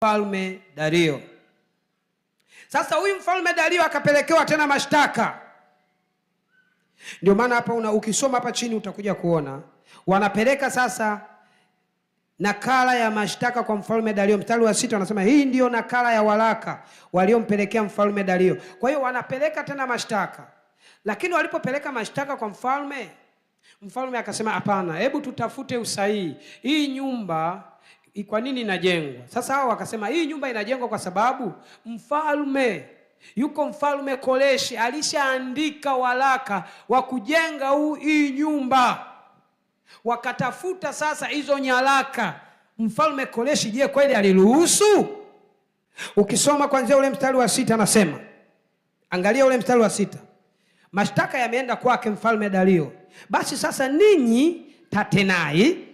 Mfalme Dario. Sasa huyu mfalme Dario akapelekewa tena mashtaka. Ndio maana hapa una ukisoma hapa chini utakuja kuona wanapeleka sasa nakala ya mashtaka kwa mfalme Dario. Mstari wa sita wanasema hii ndiyo nakala ya waraka waliompelekea mfalme Dario. Kwa hiyo wanapeleka tena mashtaka, lakini walipopeleka mashtaka kwa mfalme, mfalme akasema hapana, hebu tutafute usahihi. Hii nyumba kwa nini inajengwa? Sasa hao wakasema hii nyumba inajengwa kwa sababu mfalme yuko mfalme Koreshi alishaandika waraka wa kujenga huu hii nyumba. Wakatafuta sasa hizo nyaraka, mfalme Koreshi, je, kweli aliruhusu? Ukisoma kwanzia ule mstari wa sita anasema, angalia ule mstari wa sita mashtaka yameenda kwake mfalme Dario. Basi sasa ninyi Tatenai,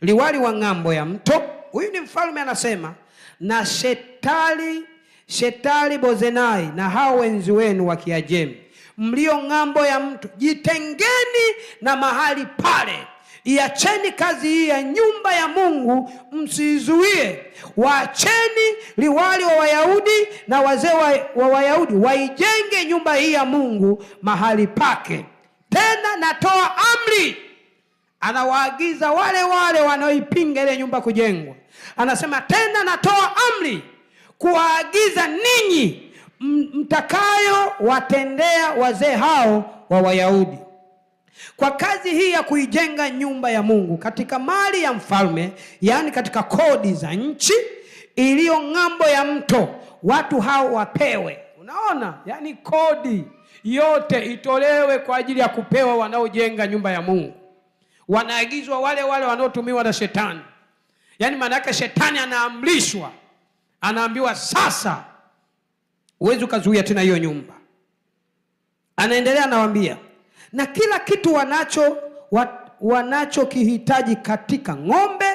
liwali wa ng'ambo ya mto huyu ni mfalme anasema, na shetali Shetari Bozenai na hao wenzi wenu wa Kiajemi mlio ng'ambo ya mtu, jitengeni na mahali pale, iacheni kazi hii ya nyumba ya Mungu, msizuie Waacheni liwali wa Wayahudi na wazee wa Wayahudi waijenge nyumba hii ya Mungu mahali pake. Tena natoa amri anawaagiza wale wale wanaoipinga ile nyumba kujengwa, anasema tena, natoa amri kuwaagiza ninyi mtakayowatendea wazee hao wa Wayahudi kwa kazi hii ya kuijenga nyumba ya Mungu katika mali ya mfalme, yaani katika kodi za nchi iliyo ng'ambo ya mto, watu hao wapewe. Unaona, yaani kodi yote itolewe kwa ajili ya kupewa wanaojenga nyumba ya Mungu wanaagizwa wale wale wanaotumiwa na shetani. Yaani maana yake shetani anaamrishwa, anaambiwa sasa, huwezi ukazuia tena hiyo nyumba. Anaendelea anawaambia, na kila kitu wanacho wa, wanachokihitaji katika ng'ombe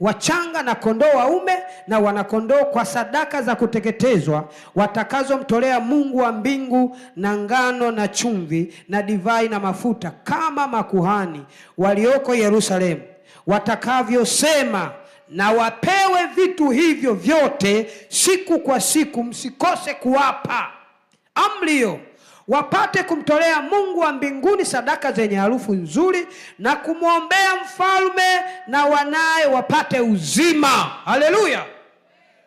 wachanga na kondoo waume na wanakondoo kwa sadaka za kuteketezwa watakazomtolea Mungu wa mbingu, na ngano na chumvi na divai na mafuta, kama makuhani walioko Yerusalemu watakavyosema na wapewe vitu hivyo vyote siku kwa siku, msikose kuwapa. amlio wapate kumtolea Mungu wa mbinguni sadaka zenye harufu nzuri na kumwombea mfalme na wanaye wapate uzima. Haleluya!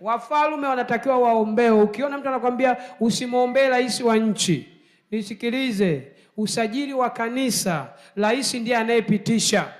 wafalume wanatakiwa waombewe. Ukiona mtu anakwambia usimwombee rais wa nchi, nisikilize, usajili wa kanisa, rais ndiye anayepitisha